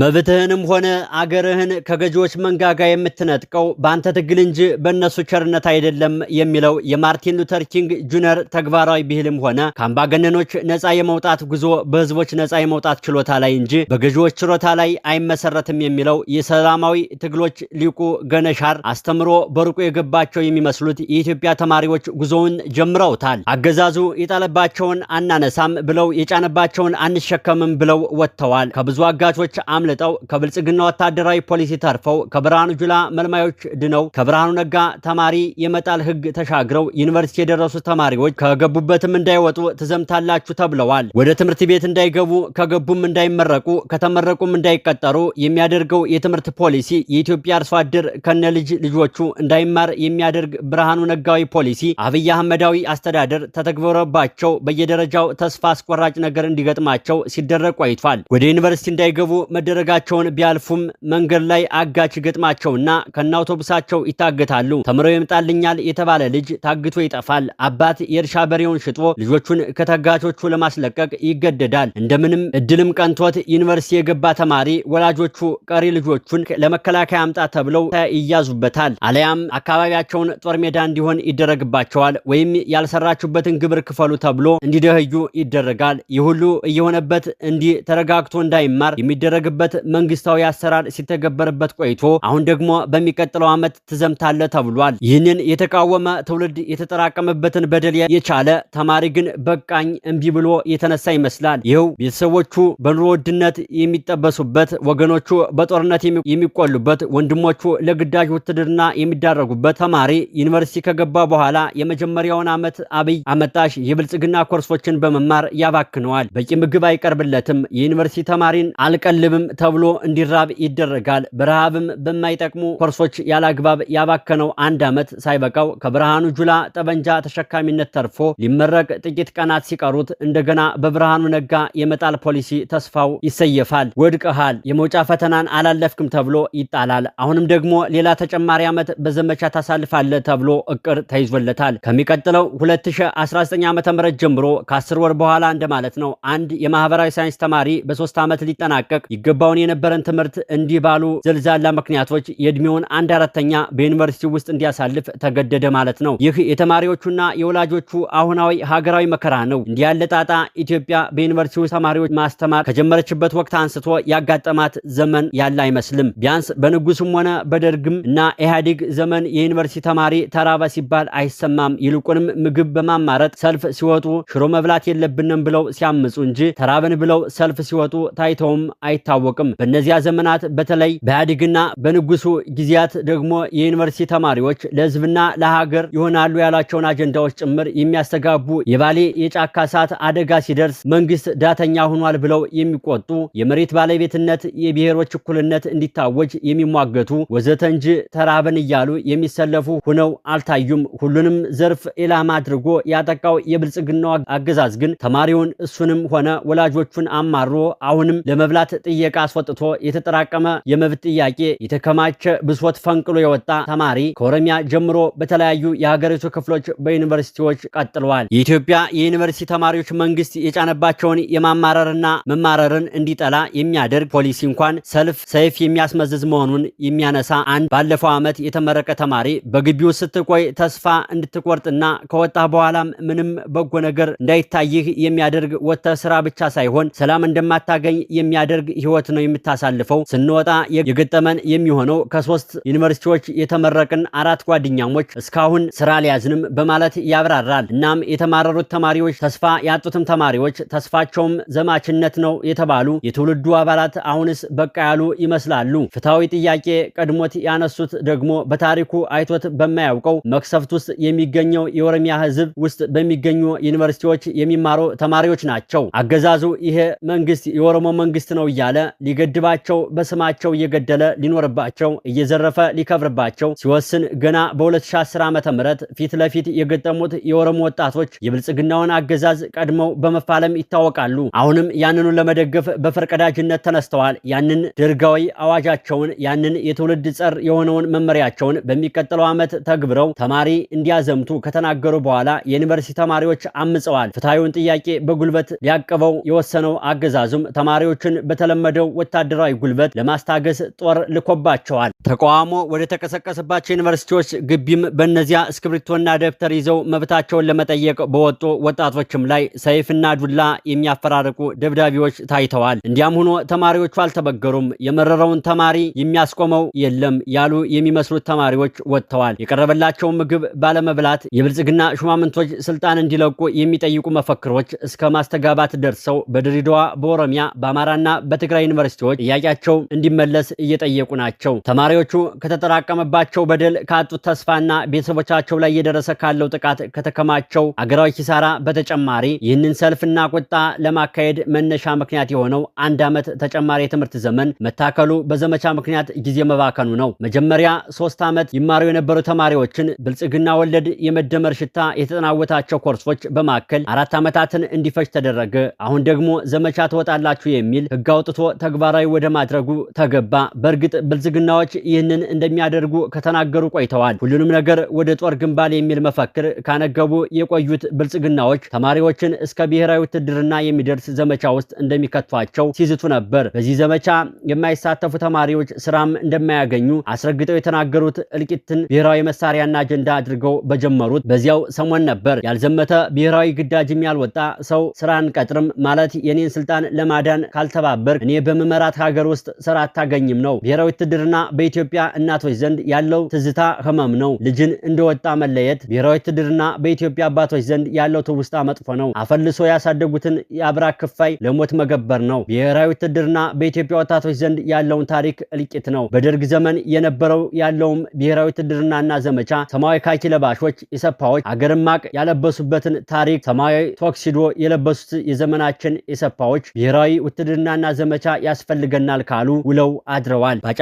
መብትህንም ሆነ አገርህን ከገዢዎች መንጋጋ የምትነጥቀው በአንተ ትግል እንጂ በእነሱ ቸርነት አይደለም የሚለው የማርቲን ሉተር ኪንግ ጁነር ተግባራዊ ብሂልም ሆነ ከአምባገነኖች ነፃ የመውጣት ጉዞ በህዝቦች ነፃ የመውጣት ችሎታ ላይ እንጂ በገዢዎች ችሎታ ላይ አይመሰረትም የሚለው የሰላማዊ ትግሎች ሊቁ ገነሻር አስተምሮ በሩቁ የገባቸው የሚመስሉት የኢትዮጵያ ተማሪዎች ጉዞውን ጀምረውታል። አገዛዙ የጣለባቸውን አናነሳም ብለው የጫነባቸውን አንሸከምም ብለው ወጥተዋል። ከብዙ አጋቾች አምልጠው ከብልጽግና ወታደራዊ ፖሊሲ ተርፈው ከብርሃኑ ጁላ መልማዮች ድነው ከብርሃኑ ነጋ ተማሪ የመጣል ህግ ተሻግረው ዩኒቨርሲቲ የደረሱ ተማሪዎች ከገቡበትም እንዳይወጡ ትዘምታላችሁ ተብለዋል። ወደ ትምህርት ቤት እንዳይገቡ ከገቡም እንዳይመረቁ ከተመረቁም እንዳይቀጠሩ የሚያደርገው የትምህርት ፖሊሲ የኢትዮጵያ አርሶ አደር ከነ ልጅ ልጆቹ እንዳይማር የሚያደርግ ብርሃኑ ነጋዊ ፖሊሲ አብይ አህመዳዊ አስተዳደር ተተግበረባቸው በየደረጃው ተስፋ አስቆራጭ ነገር እንዲገጥማቸው ሲደረግ ቆይቷል። ወደ ዩኒቨርሲቲ እንዳይገቡ መደረጋቸውን ቢያልፉም መንገድ ላይ አጋች ገጥማቸውና ከነ አውቶቡሳቸው ይታገታሉ። ተምረው ይምጣልኛል የተባለ ልጅ ታግቶ ይጠፋል። አባት የእርሻ በሬውን ሽጦ ልጆቹን ከተጋቾቹ ለማስለቀቅ ይገደዳል። እንደምንም እድልም ቀንቶት ዩኒቨርሲቲ የገባ ተማሪ ወላጆቹ ቀሪ ልጆቹን ለመከላከያ አምጣ ተብለው ይያዙበታል። አለያም አካባቢያቸውን ጦር ሜዳ እንዲሆን ይደረግባቸዋል። ወይም ያልሰራችሁበትን ግብር ክፈሉ ተብሎ እንዲደህዩ ይደረጋል። ይህ ሁሉ እየሆነበት እንዲህ ተረጋግቶ እንዳይማር የሚደረግበት የነበረበት መንግስታዊ አሰራር ሲተገበርበት ቆይቶ አሁን ደግሞ በሚቀጥለው ዓመት ትዘምታለ ተብሏል። ይህንን የተቃወመ ትውልድ የተጠራቀመበትን በደል የቻለ ተማሪ ግን በቃኝ እምቢ ብሎ የተነሳ ይመስላል። ይኸው ቤተሰቦቹ በኑሮ ውድነት የሚጠበሱበት፣ ወገኖቹ በጦርነት የሚቆሉበት፣ ወንድሞቹ ለግዳጅ ውትድርና የሚዳረጉበት ተማሪ ዩኒቨርሲቲ ከገባ በኋላ የመጀመሪያውን ዓመት አብይ አመጣሽ የብልጽግና ኮርሶችን በመማር ያባክነዋል። በቂ ምግብ አይቀርብለትም። የዩኒቨርሲቲ ተማሪን አልቀልብም ተብሎ እንዲራብ ይደረጋል። በረሃብም በማይጠቅሙ ኮርሶች ያላግባብ ያባከነው አንድ ዓመት ሳይበቃው ከብርሃኑ ጁላ ጠበንጃ ተሸካሚነት ተርፎ ሊመረቅ ጥቂት ቀናት ሲቀሩት እንደገና በብርሃኑ ነጋ የመጣል ፖሊሲ ተስፋው ይሰየፋል። ወድቀሃል፣ የመውጫ ፈተናን አላለፍክም ተብሎ ይጣላል። አሁንም ደግሞ ሌላ ተጨማሪ ዓመት በዘመቻ ታሳልፋለህ ተብሎ እቅር ተይዞለታል። ከሚቀጥለው 2019 ዓ ም ጀምሮ ከ10 ወር በኋላ እንደማለት ነው። አንድ የማህበራዊ ሳይንስ ተማሪ በሶስት ዓመት ሊጠናቀቅ ይገባል የሚገባውን የነበረን ትምህርት እንዲህ ባሉ ዘልዛላ ምክንያቶች የእድሜውን አንድ አራተኛ በዩኒቨርሲቲ ውስጥ እንዲያሳልፍ ተገደደ ማለት ነው። ይህ የተማሪዎቹና የወላጆቹ አሁናዊ ሀገራዊ መከራ ነው። እንዲህ ያለ ጣጣ ኢትዮጵያ በዩኒቨርሲቲ ተማሪዎች ማስተማር ከጀመረችበት ወቅት አንስቶ ያጋጠማት ዘመን ያለ አይመስልም። ቢያንስ በንጉስም ሆነ በደርግም እና ኢህአዴግ ዘመን የዩኒቨርሲቲ ተማሪ ተራበ ሲባል አይሰማም። ይልቁንም ምግብ በማማረጥ ሰልፍ ሲወጡ ሽሮ መብላት የለብንም ብለው ሲያምፁ እንጂ ተራብን ብለው ሰልፍ ሲወጡ ታይተውም አይታወቁም። አይታወቅም። በእነዚያ ዘመናት በተለይ በኢህአዴግና በንጉሱ ጊዜያት ደግሞ የዩኒቨርሲቲ ተማሪዎች ለህዝብና ለሀገር ይሆናሉ ያላቸውን አጀንዳዎች ጭምር የሚያስተጋቡ የባሌ የጫካ እሳት አደጋ ሲደርስ መንግስት ዳተኛ ሆኗል ብለው የሚቆጡ የመሬት ባለቤትነት፣ የብሔሮች እኩልነት እንዲታወጅ የሚሟገቱ ወዘተ እንጂ ተራበን እያሉ የሚሰለፉ ሆነው አልታዩም። ሁሉንም ዘርፍ ኢላማ አድርጎ ያጠቃው የብልጽግናው አገዛዝ ግን ተማሪውን እሱንም ሆነ ወላጆቹን አማሮ አሁንም ለመብላት ጥየቃ አስወጥቶ የተጠራቀመ የመብት ጥያቄ የተከማቸ ብሶት ፈንቅሎ የወጣ ተማሪ ከኦሮሚያ ጀምሮ በተለያዩ የሀገሪቱ ክፍሎች በዩኒቨርሲቲዎች ቀጥለዋል። የኢትዮጵያ የዩኒቨርሲቲ ተማሪዎች መንግስት የጫነባቸውን የማማረርና መማረርን እንዲጠላ የሚያደርግ ፖሊሲ እንኳን ሰልፍ ሰይፍ የሚያስመዝዝ መሆኑን የሚያነሳ አንድ ባለፈው ዓመት የተመረቀ ተማሪ በግቢው ስትቆይ ተስፋ እንድትቆርጥና ከወጣ በኋላም ምንም በጎ ነገር እንዳይታይህ የሚያደርግ ወተ ስራ ብቻ ሳይሆን ሰላም እንደማታገኝ የሚያደርግ ህይወት ህይወት ነው የምታሳልፈው። ስንወጣ የገጠመን የሚሆነው ከሶስት ዩኒቨርሲቲዎች የተመረቅን አራት ጓደኛሞች እስካሁን ስራ አልያዝንም በማለት ያብራራል። እናም የተማረሩት ተማሪዎች ተስፋ ያጡትም ተማሪዎች ተስፋቸውም ዘማችነት ነው የተባሉ የትውልዱ አባላት አሁንስ በቃ ያሉ ይመስላሉ። ፍትሐዊ ጥያቄ ቀድሞት ያነሱት ደግሞ በታሪኩ አይቶት በማያውቀው መክሰፍት ውስጥ የሚገኘው የኦሮሚያ ህዝብ ውስጥ በሚገኙ ዩኒቨርሲቲዎች የሚማሩ ተማሪዎች ናቸው። አገዛዙ ይሄ መንግስት የኦሮሞ መንግስት ነው እያለ ሊገድባቸው በስማቸው እየገደለ ሊኖርባቸው እየዘረፈ ሊከብርባቸው ሲወስን ገና በ2010 ዓ ም ፊት ለፊት የገጠሙት የኦሮሞ ወጣቶች የብልጽግናውን አገዛዝ ቀድመው በመፋለም ይታወቃሉ። አሁንም ያንኑ ለመደገፍ በፈርቀዳጅነት ተነስተዋል። ያንን ድርጋዊ አዋጃቸውን ያንን የትውልድ ጸር የሆነውን መመሪያቸውን በሚቀጥለው ዓመት ተግብረው ተማሪ እንዲያዘምቱ ከተናገሩ በኋላ የዩኒቨርሲቲ ተማሪዎች አምፀዋል። ፍትሐዊውን ጥያቄ በጉልበት ሊያቅበው የወሰነው አገዛዙም ተማሪዎችን በተለመደ በተለመደው ወታደራዊ ጉልበት ለማስታገስ ጦር ልኮባቸዋል። ተቃውሞ ወደ ተቀሰቀሰባቸው ዩኒቨርሲቲዎች ግቢም በእነዚያ እስክሪብቶና ደብተር ይዘው መብታቸውን ለመጠየቅ በወጡ ወጣቶችም ላይ ሰይፍና ዱላ የሚያፈራርቁ ደብዳቤዎች ታይተዋል። እንዲያም ሆኖ ተማሪዎቹ አልተበገሩም። የመረረውን ተማሪ የሚያስቆመው የለም ያሉ የሚመስሉት ተማሪዎች ወጥተዋል። የቀረበላቸውን ምግብ ባለመብላት የብልጽግና ሹማምንቶች ስልጣን እንዲለቁ የሚጠይቁ መፈክሮች እስከ ማስተጋባት ደርሰው በድሬዳዋ፣ በኦሮሚያ፣ በአማራና በትግራይ ዩኒቨርሲቲዎች ጥያቄያቸው እንዲመለስ እየጠየቁ ናቸው። ተማሪዎቹ ከተጠራቀመባቸው በደል፣ ካጡት ተስፋና ቤተሰቦቻቸው ላይ እየደረሰ ካለው ጥቃት ከተከማቸው አገራዊ ኪሳራ በተጨማሪ ይህንን ሰልፍና ቁጣ ለማካሄድ መነሻ ምክንያት የሆነው አንድ ዓመት ተጨማሪ የትምህርት ዘመን መታከሉ በዘመቻ ምክንያት ጊዜ መባከኑ ነው። መጀመሪያ ሶስት ዓመት ይማሩ የነበሩ ተማሪዎችን ብልጽግና ወለድ የመደመር ሽታ የተጠናወታቸው ኮርሶች በማከል አራት ዓመታትን እንዲፈጅ ተደረገ። አሁን ደግሞ ዘመቻ ትወጣላችሁ የሚል ሕግ አውጥቶ ተግባራዊ ወደ ማድረጉ ተገባ። በእርግጥ ብልጽግናዎች ይህንን እንደሚያደርጉ ከተናገሩ ቆይተዋል። ሁሉንም ነገር ወደ ጦር ግንባል የሚል መፈክር ካነገቡ የቆዩት ብልጽግናዎች ተማሪዎችን እስከ ብሔራዊ ውትድርና የሚደርስ ዘመቻ ውስጥ እንደሚከቷቸው ሲዝቱ ነበር። በዚህ ዘመቻ የማይሳተፉ ተማሪዎች ስራም እንደማያገኙ አስረግጠው የተናገሩት እልቂትን ብሔራዊ መሳሪያና አጀንዳ አድርገው በጀመሩት በዚያው ሰሞን ነበር። ያልዘመተ ብሔራዊ ግዳጅም ያልወጣ ሰው ስራ አንቀጥርም ማለት የኔን ስልጣን ለማዳን ካልተባበር እኔ በመመራት ሀገር ውስጥ ስራ አታገኝም ነው። ብሔራዊ ውትድርና በኢትዮጵያ እናቶች ዘንድ ያለው ትዝታ ህመም ነው። ልጅን እንደወጣ መለየት። ብሔራዊ ውትድርና በኢትዮጵያ አባቶች ዘንድ ያለው ትውስታ መጥፎ ነው። አፈልሶ ያሳደጉትን የአብራክ ክፋይ ለሞት መገበር ነው። ብሔራዊ ውትድርና በኢትዮጵያ ወጣቶች ዘንድ ያለውን ታሪክ እልቂት ነው። በደርግ ዘመን የነበረው ያለውም ብሔራዊ ውትድርናና ዘመቻ ሰማያዊ ካኪ ለባሾች ኢሰፓዎች አገር ማቅ ያለበሱበትን ታሪክ ሰማያዊ ቶክሲዶ የለበሱት የዘመናችን ኢሰፓዎች ብሔራዊ ውትድርናና ዘመቻ ያስፈልገናል ካሉ ውለው አድረዋል። ባጫ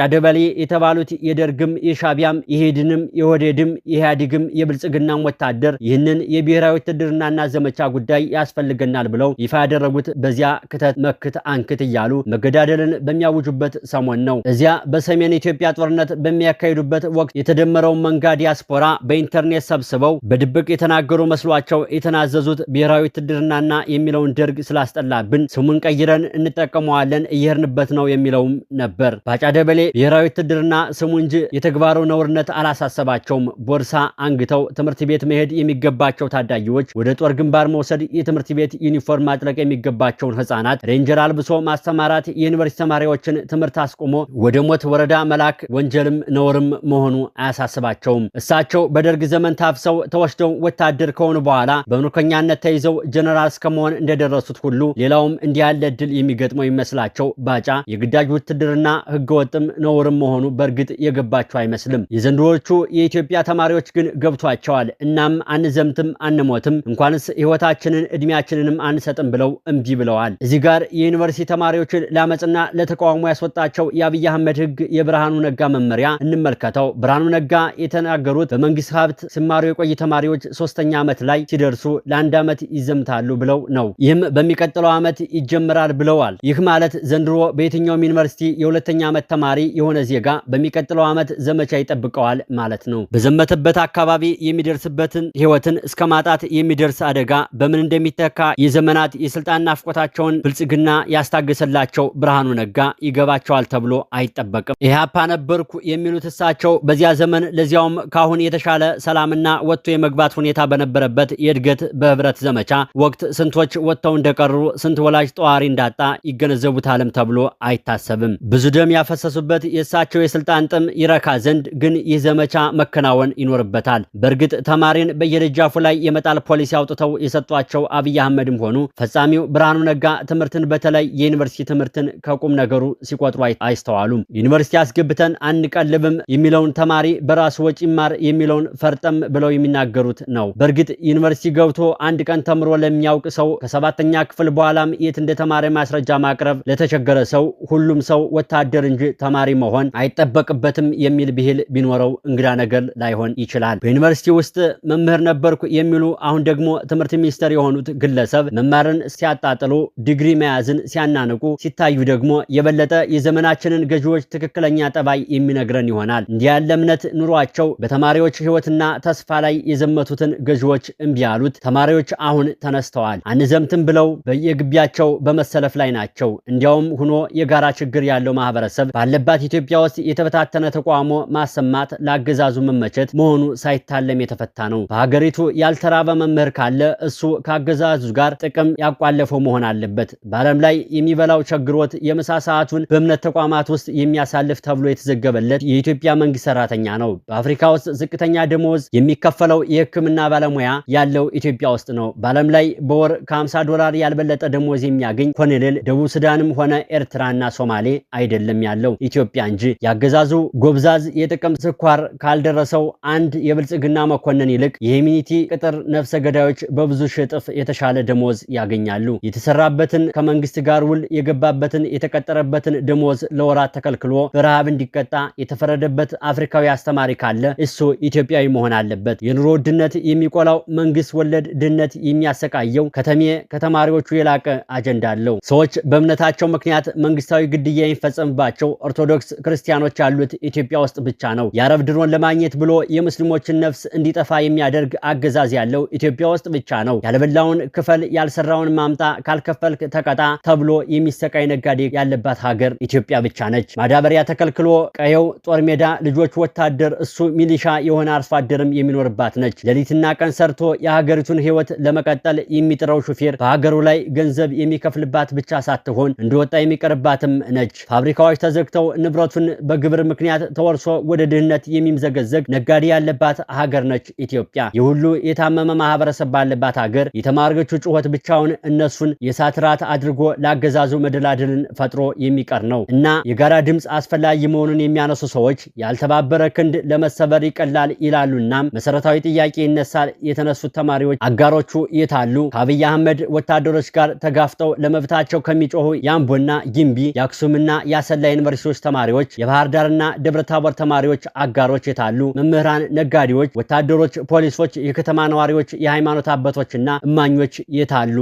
የተባሉት የደርግም የሻቢያም የሄድንም የወደድም የኢህአዴግም የብልጽግናም ወታደር ይህንን የብሔራዊ ውትድርናና ዘመቻ ጉዳይ ያስፈልገናል ብለው ይፋ ያደረጉት በዚያ ክተት መክት አንክት እያሉ መገዳደልን በሚያውጁበት ሰሞን ነው። እዚያ በሰሜን ኢትዮጵያ ጦርነት በሚያካሂዱበት ወቅት የተደመረውን መንጋ ዲያስፖራ በኢንተርኔት ሰብስበው በድብቅ የተናገሩ መስሏቸው የተናዘዙት ብሔራዊ ውትድርናና የሚለውን ደርግ ስላስጠላብን ስሙን ቀይረን እንጠቀመዋለን እየ እየሄድንበት ነው የሚለውም ነበር። ባጫ ደበሌ ብሔራዊ ውትድርና ስሙ እንጂ የተግባሩ ነውርነት አላሳሰባቸውም። ቦርሳ አንግተው ትምህርት ቤት መሄድ የሚገባቸው ታዳጊዎች ወደ ጦር ግንባር መውሰድ፣ የትምህርት ቤት ዩኒፎርም ማጥለቅ የሚገባቸውን ህጻናት ሬንጀር አልብሶ ማስተማራት፣ የዩኒቨርሲቲ ተማሪዎችን ትምህርት አስቆሞ ወደ ሞት ወረዳ መላክ ወንጀልም ነውርም መሆኑ አያሳስባቸውም። እሳቸው በደርግ ዘመን ታፍሰው ተወስደው ወታደር ከሆኑ በኋላ በምርኮኛነት ተይዘው ጀነራል እስከመሆን እንደደረሱት ሁሉ ሌላውም እንዲያለ እድል የሚገጥመው ይመስላቸው ባጫ የግዳጅ ውትድርና ህገወጥም ነውርም መሆኑ በእርግጥ የገባቸው አይመስልም። የዘንድሮቹ የኢትዮጵያ ተማሪዎች ግን ገብቷቸዋል። እናም አንዘምትም፣ አንሞትም፣ እንኳንስ ህይወታችንን እድሜያችንንም አንሰጥም ብለው እምቢ ብለዋል። እዚህ ጋር የዩኒቨርሲቲ ተማሪዎችን ለአመፅና ለተቃውሞ ያስወጣቸው የአብይ አህመድ ህግ የብርሃኑ ነጋ መመሪያ እንመልከተው። ብርሃኑ ነጋ የተናገሩት በመንግስት ሀብት ሲማሩ የቆዩ ተማሪዎች ሶስተኛ ዓመት ላይ ሲደርሱ ለአንድ ዓመት ይዘምታሉ ብለው ነው። ይህም በሚቀጥለው ዓመት ይጀምራል ብለዋል። ይህ ማለት ዘንድሮ በየትኛውም ዩኒቨርሲቲ የሁለተኛ ዓመት ተማሪ የሆነ ዜጋ በሚቀጥለው ዓመት ዘመቻ ይጠብቀዋል ማለት ነው። በዘመተበት አካባቢ የሚደርስበትን ህይወትን እስከ ማጣት የሚደርስ አደጋ በምን እንደሚተካ የዘመናት የስልጣን ናፍቆታቸውን ብልጽግና ያስታገሰላቸው ብርሃኑ ነጋ ይገባቸዋል ተብሎ አይጠበቅም። ኢህአፓ ነበርኩ የሚሉት እሳቸው በዚያ ዘመን ለዚያውም ካሁን የተሻለ ሰላምና ወጥቶ የመግባት ሁኔታ በነበረበት የእድገት በህብረት ዘመቻ ወቅት ስንቶች ወጥተው እንደቀሩ ስንት ወላጅ ጠዋሪ እንዳጣ ይገነዘቡታል አይደለም ተብሎ አይታሰብም። ብዙ ደም ያፈሰሱበት የእሳቸው የስልጣን ጥም ይረካ ዘንድ ግን ይህ ዘመቻ መከናወን ይኖርበታል። በእርግጥ ተማሪን በየደጃፉ ላይ የመጣል ፖሊሲ አውጥተው የሰጧቸው አብይ አህመድም ሆኑ ፈጻሚው ብርሃኑ ነጋ ትምህርትን በተለይ የዩኒቨርሲቲ ትምህርትን ከቁም ነገሩ ሲቆጥሩ አይስተዋሉም። ዩኒቨርሲቲ አስገብተን አንቀልብም የሚለውን ተማሪ በራሱ ወጪ ይማር የሚለውን ፈርጠም ብለው የሚናገሩት ነው። በእርግጥ ዩኒቨርሲቲ ገብቶ አንድ ቀን ተምሮ ለሚያውቅ ሰው ከሰባተኛ ክፍል በኋላም የት እንደተማረ ማስረጃ ማቅረብ ለተቸ የተቸገረ ሰው ሁሉም ሰው ወታደር እንጂ ተማሪ መሆን አይጠበቅበትም የሚል ብሂል ቢኖረው እንግዳ ነገር ላይሆን ይችላል። በዩኒቨርሲቲ ውስጥ መምህር ነበርኩ የሚሉ አሁን ደግሞ ትምህርት ሚኒስትር የሆኑት ግለሰብ መማርን ሲያጣጥሉ፣ ዲግሪ መያዝን ሲያናንቁ ሲታዩ ደግሞ የበለጠ የዘመናችንን ገዢዎች ትክክለኛ ጠባይ የሚነግረን ይሆናል። እንዲህ ያለ እምነት ኑሯቸው በተማሪዎች ሕይወትና ተስፋ ላይ የዘመቱትን ገዢዎች እምቢ ያሉት ተማሪዎች አሁን ተነስተዋል። አንዘምትም ብለው በየግቢያቸው በመሰለፍ ላይ ናቸው። እንዲያውም ሁሉም ሆኖ የጋራ ችግር ያለው ማህበረሰብ ባለባት ኢትዮጵያ ውስጥ የተበታተነ ተቋሞ ማሰማት ለአገዛዙ መመቸት መሆኑ ሳይታለም የተፈታ ነው። በሀገሪቱ ያልተራበ መምህር ካለ እሱ ከአገዛዙ ጋር ጥቅም ያቋለፈው መሆን አለበት። በዓለም ላይ የሚበላው ቸግሮት የምሳ ሰዓቱን በእምነት ተቋማት ውስጥ የሚያሳልፍ ተብሎ የተዘገበለት የኢትዮጵያ መንግስት ሰራተኛ ነው። በአፍሪካ ውስጥ ዝቅተኛ ደሞዝ የሚከፈለው የህክምና ባለሙያ ያለው ኢትዮጵያ ውስጥ ነው። በዓለም ላይ በወር ከ50 ዶላር ያልበለጠ ደሞዝ የሚያገኝ ኮሎኔል ደቡብ ሱዳንም ሆነ ኤርትራና ሶማሌ አይደለም ያለው ኢትዮጵያ እንጂ። ያገዛዙ ጎብዛዝ የጥቅም ስኳር ካልደረሰው አንድ የብልጽግና መኮንን ይልቅ የሚኒቲ ቅጥር ነፍሰ ገዳዮች በብዙ ሽጥፍ የተሻለ ደሞዝ ያገኛሉ። የተሰራበትን ከመንግስት ጋር ውል የገባበትን የተቀጠረበትን ደሞዝ ለወራት ተከልክሎ በረሃብ እንዲቀጣ የተፈረደበት አፍሪካዊ አስተማሪ ካለ እሱ ኢትዮጵያዊ መሆን አለበት። የኑሮ ውድነት የሚቆላው መንግስት ወለድ ድህነት የሚያሰቃየው ከተሜ ከተማሪዎቹ የላቀ አጀንዳ አለው። ሰዎች በእምነታቸው ምክንያት መንግስታዊ ግድያ የሚፈጸምባቸው ኦርቶዶክስ ክርስቲያኖች ያሉት ኢትዮጵያ ውስጥ ብቻ ነው። የአረብ ድሮን ለማግኘት ብሎ የሙስሊሞችን ነፍስ እንዲጠፋ የሚያደርግ አገዛዝ ያለው ኢትዮጵያ ውስጥ ብቻ ነው። ያልበላውን ክፈል፣ ያልሰራውን ማምጣ፣ ካልከፈልክ ተቀጣ ተብሎ የሚሰቃይ ነጋዴ ያለባት ሀገር ኢትዮጵያ ብቻ ነች። ማዳበሪያ ተከልክሎ ቀየው ጦር ሜዳ ልጆች ወታደር እሱ ሚሊሻ የሆነ አርሶ አደርም የሚኖርባት ነች። ሌሊትና ቀን ሰርቶ የሀገሪቱን ሕይወት ለመቀጠል የሚጥረው ሹፌር በሀገሩ ላይ ገንዘብ የሚከፍልባት ብቻ ሳትሆን እንደወጣ የሚቀርባትም ነች። ፋብሪካዎች ተዘግተው ንብረቱን በግብር ምክንያት ተወርሶ ወደ ድህነት የሚምዘገዘግ ነጋዴ ያለባት ሀገር ነች ኢትዮጵያ። የሁሉ የታመመ ማህበረሰብ ባለባት ሀገር የተማሪዎቹ ጩኸት ብቻውን እነሱን የእሳት ራት አድርጎ ለአገዛዙ መደላድልን ፈጥሮ የሚቀር ነው እና የጋራ ድምፅ አስፈላጊ መሆኑን የሚያነሱ ሰዎች ያልተባበረ ክንድ ለመሰበር ይቀላል ይላሉ። እናም መሰረታዊ ጥያቄ ይነሳል። የተነሱት ተማሪዎች አጋሮቹ የታሉ? ከአብይ አህመድ ወታደሮች ጋር ተጋፍጠው ለመብታቸው ከሚጮሁ ያምቡን የወሎና ጊምቢ የአክሱምና የአሰላ ዩኒቨርሲቲዎች ተማሪዎች፣ የባህር ዳርና ደብረታቦር ተማሪዎች አጋሮች የታሉ መምህራን፣ ነጋዴዎች፣ ወታደሮች፣ ፖሊሶች፣ የከተማ ነዋሪዎች፣ የሃይማኖት አባቶችና እማኞች የታሉ?